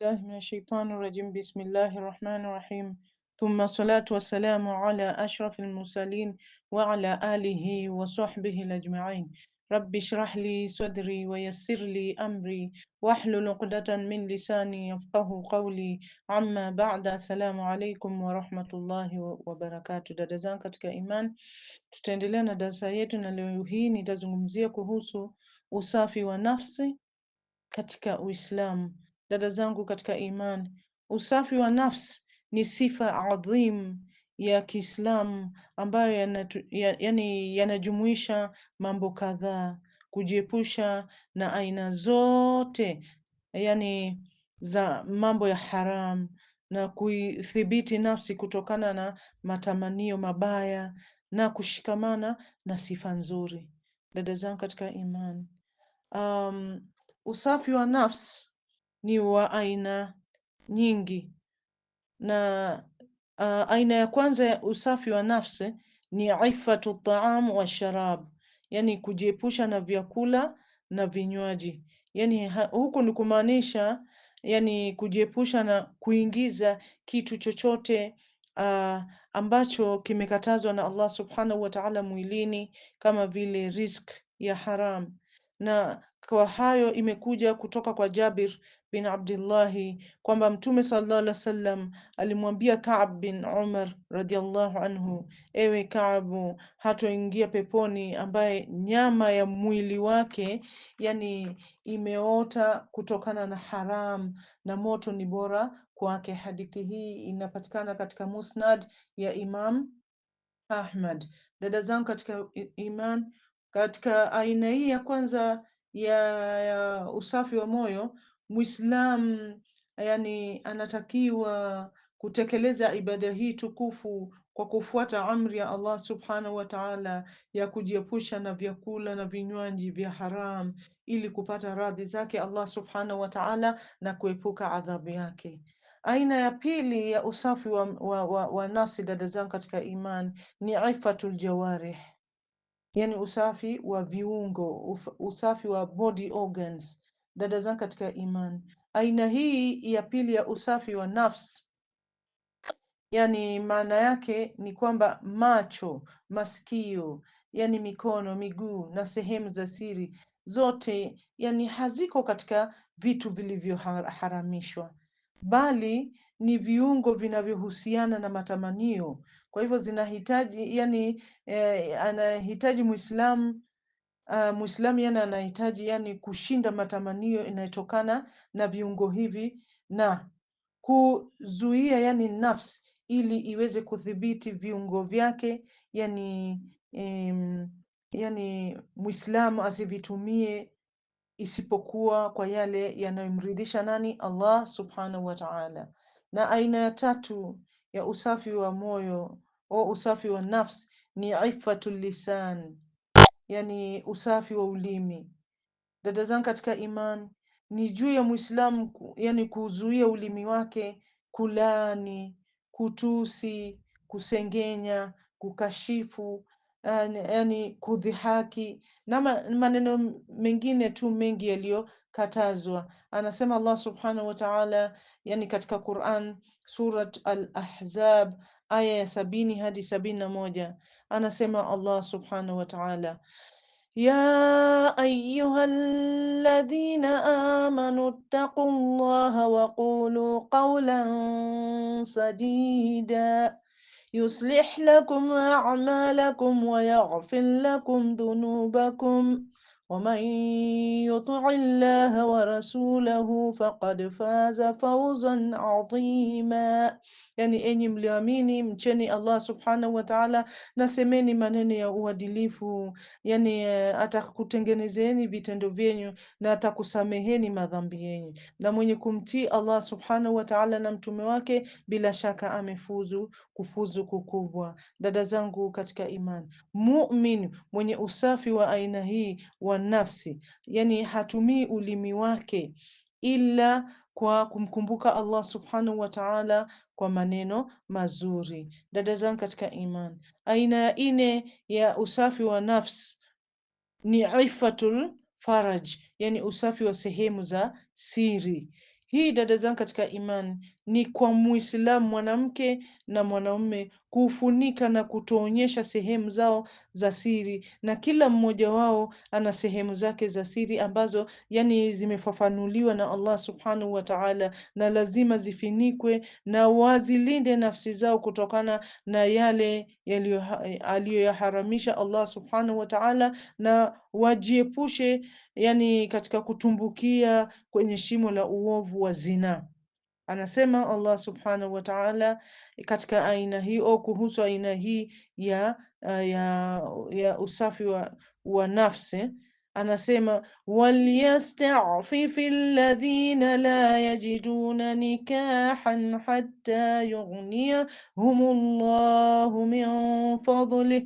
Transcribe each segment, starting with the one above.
billahi minashaitanir rajim. Bismillahirrahmanirrahim. Thumma salatu wassalamu ala ashrafil mursalin wa ala alihi wa sahbihi ajma'in. Rabbi shrah li sadri wa yassir li amri wahlul uqdatan min lisani yafqahu qawli. Amma ba'da, assalamu alaikum wa rahmatullahi Dada zangu katika iman, tutaendelea na darasa yetu, na leo hii nitazungumzia kuhusu usafi wa nafsi katika Uislamu dada zangu katika iman usafi wa nafsi ni sifa adhim ya Kiislamu ambayo yani yanajumuisha mambo kadhaa: kujiepusha na aina zote yani za mambo ya haram na kuithibiti nafsi kutokana na matamanio mabaya na kushikamana na sifa nzuri. Dada zangu katika imani, um, usafi wa nafsi ni wa aina nyingi na uh, aina ya kwanza ya usafi wa nafsi ni ifatu taam wa sharab, yani kujiepusha na vyakula na vinywaji. Yani huku ni kumaanisha yani kujiepusha na kuingiza kitu chochote uh, ambacho kimekatazwa na Allah subhanahu wa ta'ala mwilini kama vile risk ya haram na kwa hayo imekuja kutoka kwa Jabir bin Abdillahi kwamba Mtume sallallahu alaihi wasallam alimwambia Kaab bin Umar radhiallahu anhu, ewe Kaabu, hatoingia peponi ambaye nyama ya mwili wake yani imeota kutokana na haram na moto ni bora kwake. Hadithi hii inapatikana katika Musnad ya Imam Ahmad. Dada zangu katika iman, katika aina hii ya kwanza ya, ya usafi wa moyo Muislamu yani anatakiwa kutekeleza ibada hii tukufu kwa kufuata amri ya Allah subhanahu wa ta'ala ya kujiepusha na vyakula na vinywaji vya haram ili kupata radhi zake Allah subhanahu wa ta'ala na kuepuka adhabu yake. Aina ya pili ya usafi wa, wa, wa, wa nafsi, dada zangu katika iman, ni ifatul jawarih, yani usafi wa viungo, usafi wa body organs Dada zangu katika imani, aina hii ya pili ya usafi wa nafsi, yani maana yake ni kwamba macho, masikio, yani mikono, miguu na sehemu za siri zote, yani haziko katika vitu vilivyoharamishwa, bali ni viungo vinavyohusiana na matamanio. Kwa hivyo zinahitaji yani, eh, anahitaji Muislamu uh, Muislamu yana anahitaji yani kushinda matamanio inayotokana na viungo hivi na kuzuia yani nafsi ili iweze kudhibiti viungo vyake yani, um, yani Muislamu asivitumie isipokuwa kwa yale yanayomridhisha nani? Allah subhanahu wa ta'ala. Na aina ya tatu ya usafi wa moyo au usafi wa nafsi ni ifatul lisan yani usafi wa ulimi. Dada zangu katika iman, ni juu ya Muislamu yani kuzuia ulimi wake kulaani, kutusi, kusengenya, kukashifu yani kudhihaki na maneno mengine tu mengi yaliyokatazwa. Anasema Allah subhanahu wa ta'ala, yani katika Quran, Surat Al-Ahzab aya ya sabini hadi sabini na moja anasema Allah subhanahu wa ta'ala ya alladhina amanu ittaqullaha wa qulu qawlan sadida يصلح لكم wa ويغفر lakum dhunubakum ومن يطع الله ورسوله faqad faza fawzan adhima, yani enyi mlioamini mcheni Allah subhanahu wa ta'ala na semeni maneno ya uadilifu, yani eh, atakutengenezeni vitendo vyenyu na atakusameheni madhambi yenyu. Na mwenye kumtii Allah subhanahu wataala na mtume wake bila shaka amefuzu kufuzu kukubwa. Dada zangu katika imani, mumin mwenye usafi wa aina hii wa nafsi, yani hatumii ulimi wake ila kwa kumkumbuka Allah subhanahu wa ta'ala kwa maneno mazuri. Dada zangu katika iman, aina ya ine ya usafi wa nafsi ni ifatul faraj, yani usafi wa sehemu za siri. Hii dada zangu katika iman ni kwa Muislamu mwanamke na mwanaume kufunika na kutoonyesha sehemu zao za siri, na kila mmoja wao ana sehemu zake za siri ambazo yani zimefafanuliwa na Allah subhanahu wa ta'ala, na lazima zifinikwe na wazilinde nafsi zao kutokana na yale aliyoyaharamisha Allah subhanahu wa ta'ala, na wajiepushe yani katika kutumbukia kwenye shimo la uovu wa zina. Anasema Allah subhanahu wa ta'ala katika aina hii au kuhusu aina hii ya, uh, ya, ya usafi wa, wa nafsi anasema walyastafifi alladhina la yajiduna nikahan hatta yughniyahum Allahu min fadlih,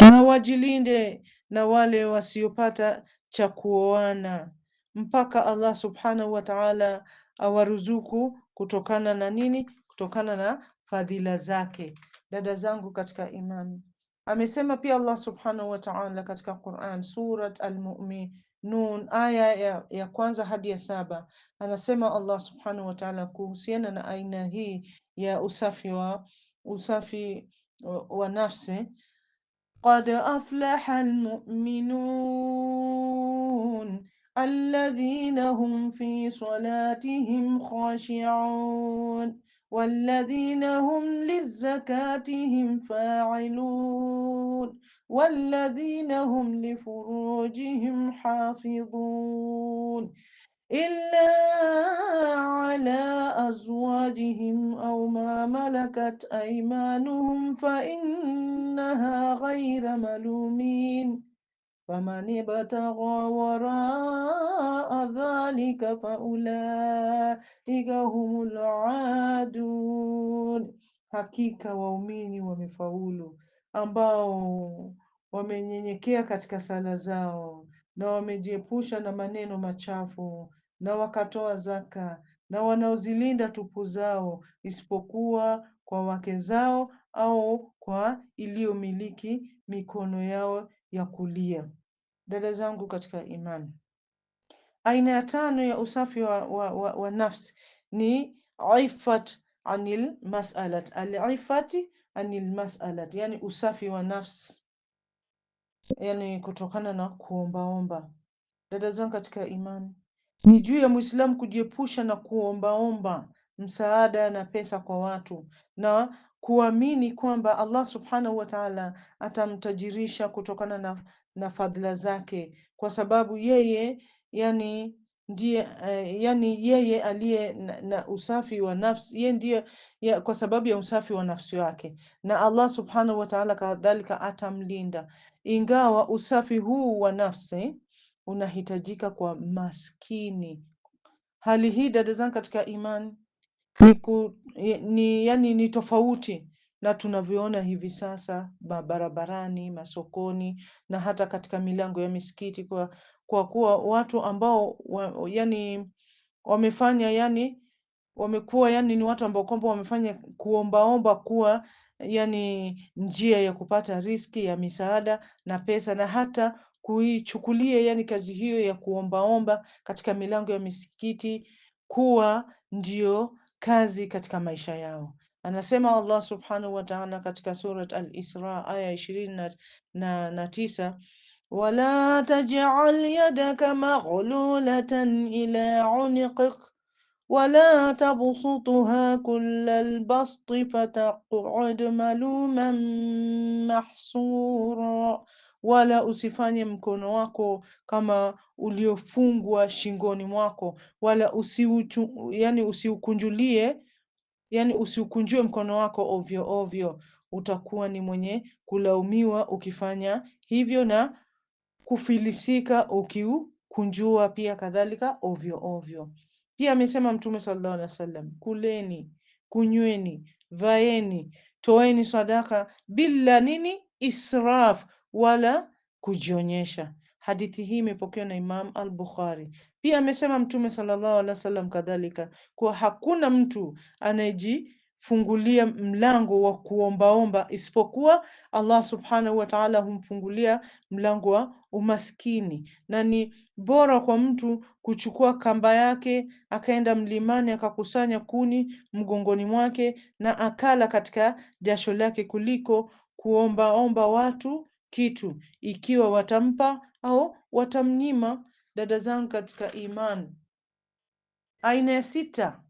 na wajilinde na wale wasiopata cha kuoana mpaka Allah subhanahu wa ta'ala awaruzuku kutokana na nini? Kutokana na fadhila zake. Dada zangu katika imani, amesema pia Allah subhanahu wa ta'ala katika Quran Surat Al-Mu'minun aya ya, ya kwanza hadi ya saba anasema Allah subhanahu wa ta'ala kuhusiana na aina hii ya usafi wa usafi wa, nafsi qad aflaha al-mu'minun الذين هم في صلاتهم خاشعون والذين هم للزكاتهم فاعلون والذين هم لفروجهم حافظون إلا على أزواجهم أو ما ملكت أيمانهم فإنها غير ملومين faman ibtagha waraa dhalika faulaika humul adun, hakika waumini wamefaulu ambao wamenyenyekea katika sala zao na wamejiepusha na maneno machafu na wakatoa zaka na wanaozilinda tupu zao isipokuwa kwa wake zao au kwa iliyomiliki mikono yao ya kulia dada zangu katika imani. Aina ya tano ya usafi wa, wa, wa, wa nafsi ni ifat anil masalat, alifati anil masalat, yani usafi wa nafsi, yani kutokana na kuombaomba. Dada zangu katika imani, ni juu ya Muislamu kujiepusha na kuombaomba msaada na pesa kwa watu na kuamini kwamba Allah subhanahu wa ta'ala atamtajirisha kutokana na na fadhila zake, kwa sababu yeye yani ndiye uh, yani yeye aliye na, na usafi wa nafsi yeye ndiye ya, kwa sababu ya usafi wa nafsi wake, na Allah subhanahu wa ta'ala kadhalika atamlinda, ingawa usafi huu wa nafsi unahitajika kwa maskini. Hali hii dada zangu katika imani ni, ku, ni, yani, ni tofauti na tunavyoona hivi sasa barabarani masokoni na hata katika milango ya misikiti, kwa, kwa kuwa watu ambao wa, yani wamefanya yani wamekuwa yani ni watu ambao kwamba wamefanya kuombaomba kuwa yani njia ya kupata riski ya misaada na pesa na hata kuichukulia yani kazi hiyo ya kuombaomba katika milango ya misikiti kuwa ndio kazi katika maisha yao. Anasema Allah subhanahu wa ta'ala katika Surat Al-Isra aya ishirini na, na, na tisa wala taj'al yadaka maghlulatan ila uniqik wala tabsutha kullal albasti fataq'ud maluman mahsura, wala usifanye mkono wako kama uliofungwa shingoni mwako, wala usiuchu, yani usiukunjulie yani usiukunjue mkono wako ovyo ovyo, utakuwa ni mwenye kulaumiwa ukifanya hivyo na kufilisika ukiukunjua pia kadhalika ovyo ovyo. Pia amesema Mtume sallallahu alaihi wasallam, kuleni, kunyweni, vaeni, toeni sadaka bila nini, israf wala kujionyesha. Hadithi hii imepokewa na Imam al-Bukhari. Pia amesema Mtume sallallahu alaihi wasallam kadhalika kuwa hakuna mtu anayejifungulia mlango wa kuombaomba isipokuwa Allah subhanahu wa ta'ala humfungulia mlango wa umaskini, na ni bora kwa mtu kuchukua kamba yake akaenda mlimani akakusanya kuni mgongoni mwake na akala katika jasho lake kuliko kuombaomba watu kitu ikiwa watampa au watamnyima dada zangu katika imani. Aina ya sita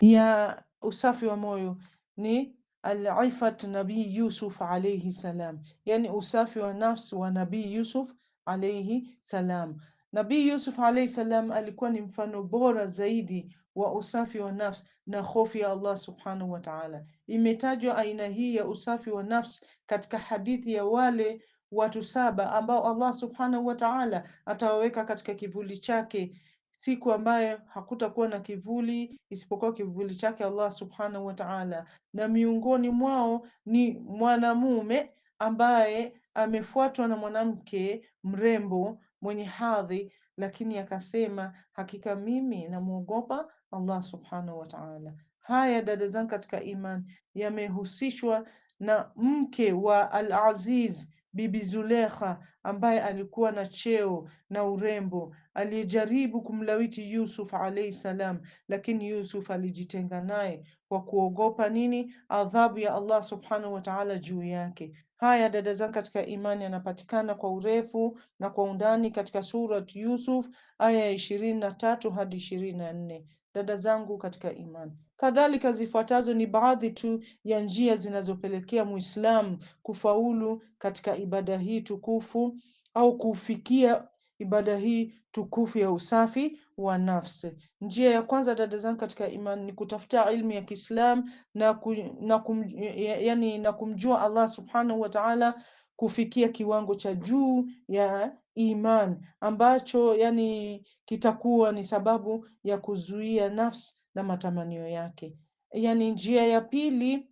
ya usafi wa moyo ni al-ifat Nabii Yusuf alayhi salam, yani usafi wa nafsi wa Nabii Yusuf alayhi salam. Nabii Yusuf alayhi salam alikuwa ni mfano bora zaidi wa usafi wa nafsi na hofu ya Allah subhanahu wa ta'ala. Imetajwa aina hii ya usafi wa nafsi katika hadithi ya wale watu saba ambao Allah subhanahu wa ta'ala atawaweka katika kivuli chake siku ambayo hakutakuwa na kivuli isipokuwa kivuli chake Allah subhanahu wa ta'ala, na miongoni mwao ni mwanamume ambaye amefuatwa na mwanamke mrembo mwenye hadhi, lakini akasema hakika mimi namwogopa Allah subhanahu wa ta'ala. Haya dada zangu katika iman yamehusishwa na mke wa Al-Aziz Bibi Zulekha ambaye alikuwa na cheo na urembo, aliyejaribu kumlawiti Yusuf alayhi salam, lakini Yusuf alijitenga naye kwa kuogopa nini? Adhabu ya Allah subhanahu wa ta'ala juu yake. Haya dada zangu katika imani, yanapatikana kwa urefu na kwa undani katika Surat Yusuf aya ya ishirini na tatu hadi ishirini na nne dada zangu katika imani. Kadhalika, zifuatazo ni baadhi tu ya njia zinazopelekea Muislamu kufaulu katika ibada hii tukufu au kufikia ibada hii tukufu ya usafi wa nafsi. Njia ya kwanza dada zangu katika imani ni kutafuta ilmu ya Kiislam na, ku, na, kum, yani, na kumjua Allah subhanahu wa ta'ala kufikia kiwango cha juu ya iman ambacho yani kitakuwa ni sababu ya kuzuia nafsi na matamanio yake. Yani njia ya pili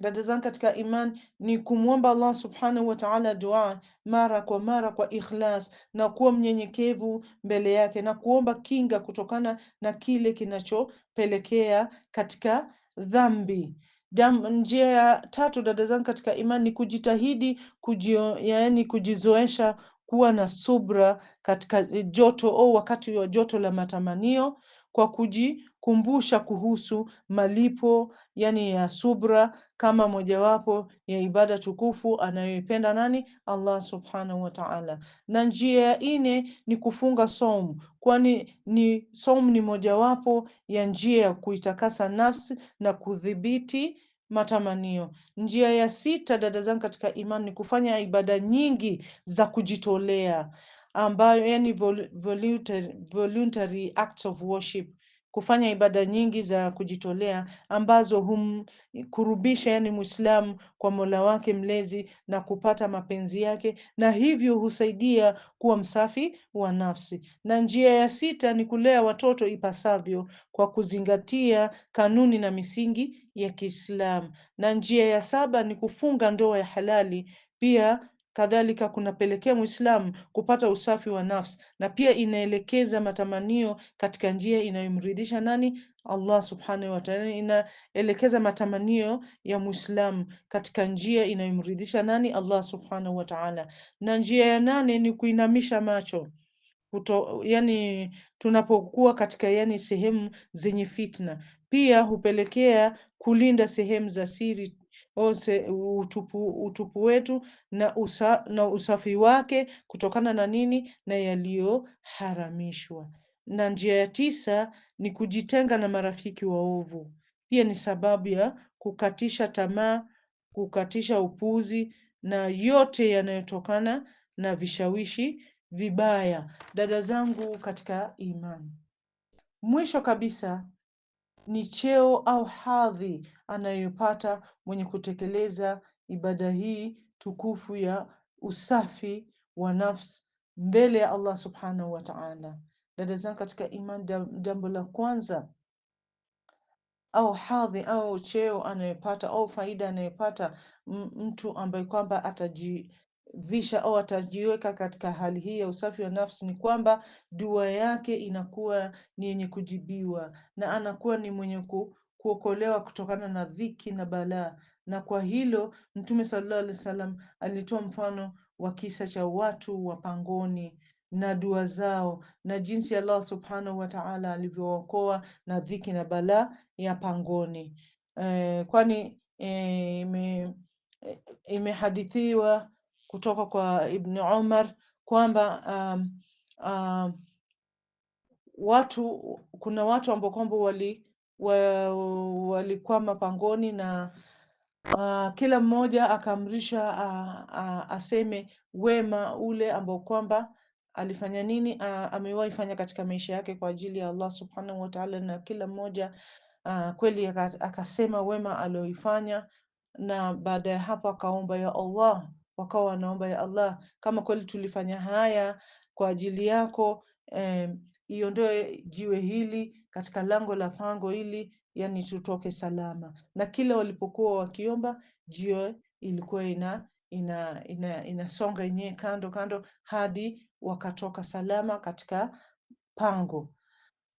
dada zangu katika iman ni kumwomba Allah subhanahu wa ta'ala dua mara kwa mara kwa ikhlas na kuwa mnyenyekevu mbele yake na kuomba kinga kutokana na kile kinachopelekea katika dhambi. Jam, njia ya tatu dada zangu katika imani ni kujitahidi kujio, yaani kujizoesha kuwa na subra katika joto au wakati wa joto la matamanio kwa kujikumbusha kuhusu malipo yani ya subra kama mojawapo ya ibada tukufu anayoipenda nani? Allah subhanahu wa ta'ala. Na njia ya ine ni kufunga saumu, kwani ni som ni mojawapo ya njia ya kuitakasa nafsi na kudhibiti matamanio. Njia ya sita, dada zangu katika imani, ni kufanya ibada nyingi za kujitolea ambayo yani voluntary, voluntary acts of worship kufanya ibada nyingi za kujitolea ambazo humkurubisha yani Muislamu kwa Mola wake mlezi na kupata mapenzi yake, na hivyo husaidia kuwa msafi wa nafsi. Na njia ya sita ni kulea watoto ipasavyo kwa kuzingatia kanuni na misingi ya Kiislamu. Na njia ya saba ni kufunga ndoa ya halali pia kadhalika kunapelekea Muislamu kupata usafi wa nafsi na pia inaelekeza matamanio katika njia inayomridhisha nani? Allah subhanahu wa ta'ala. Inaelekeza matamanio ya Muislamu katika njia inayomridhisha nani? Allah subhanahu wa ta'ala. Na njia ya nane ni kuinamisha macho Kuto, yani tunapokuwa katika yani sehemu zenye fitna, pia hupelekea kulinda sehemu za siri ose utupu, utupu wetu na, usa, na usafi wake kutokana na nini? Na yaliyoharamishwa. Na njia ya tisa ni kujitenga na marafiki waovu. Pia ni sababu ya kukatisha tamaa, kukatisha upuzi na yote yanayotokana na vishawishi vibaya. Dada zangu katika imani, mwisho kabisa ni cheo au hadhi anayopata mwenye kutekeleza ibada hii tukufu ya usafi wa nafsi mbele ya Allah subhanahu wa ta'ala. Dada zangu katika iman jambo la kwanza au hadhi au cheo anayopata au faida anayopata mtu ambaye kwamba atajivisha au atajiweka katika hali hii ya usafi wa nafsi ni kwamba dua yake inakuwa ni yenye kujibiwa na anakuwa ni mwenye ku kuokolewa kutokana na dhiki na balaa, na kwa hilo Mtume sallallahu alaihi wasallam alitoa mfano wa kisa cha watu wa pangoni na dua zao na jinsi Allah subhanahu wa ta'ala alivyookoa na dhiki na balaa ya pangoni. E, kwani e, ime, eh, kutoka kwa Ibn Umar kwamba um, um, watu kuna watu ambao kwamba wali walikwama pangoni na uh, kila mmoja akaamrisha uh, uh, aseme wema ule ambao kwamba alifanya nini, uh, amewahi fanya katika maisha yake kwa ajili ya Allah subhanahu wa ta'ala, na kila mmoja uh, kweli akasema wema alioifanya, na baada ya hapo akaomba ya Allah, wakawa wanaomba ya Allah, kama kweli tulifanya haya kwa ajili yako eh, iondoe jiwe hili katika lango la pango ili, yani tutoke salama. Na kila walipokuwa wakiomba, jiwe ilikuwa ina ina ina inasonga yenyewe kando kando hadi wakatoka salama katika pango.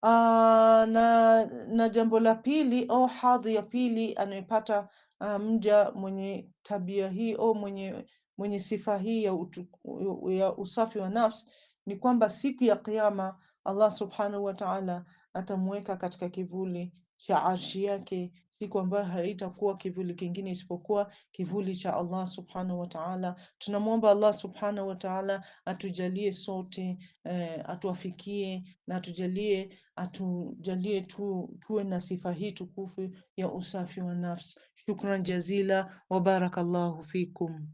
Aa, ah, na na jambo la pili au hadhi ya pili anayepata ah, mja mwenye tabia hii au mwenye mwenye sifa hii ya, utu, ya usafi wa nafsi ni kwamba siku ya Kiyama Allah subhanahu wa ta'ala atamweka katika kivuli cha arshi yake siku ambayo haitakuwa kivuli kingine isipokuwa kivuli cha Allah subhanahu wa ta'ala. Tunamwomba Allah subhanahu wa ta'ala atujalie sote eh, atuafikie na atujalie atujalie tu, tuwe na sifa hii tukufu ya usafi wa nafsi. Shukran jazila wa barakallahu fikum.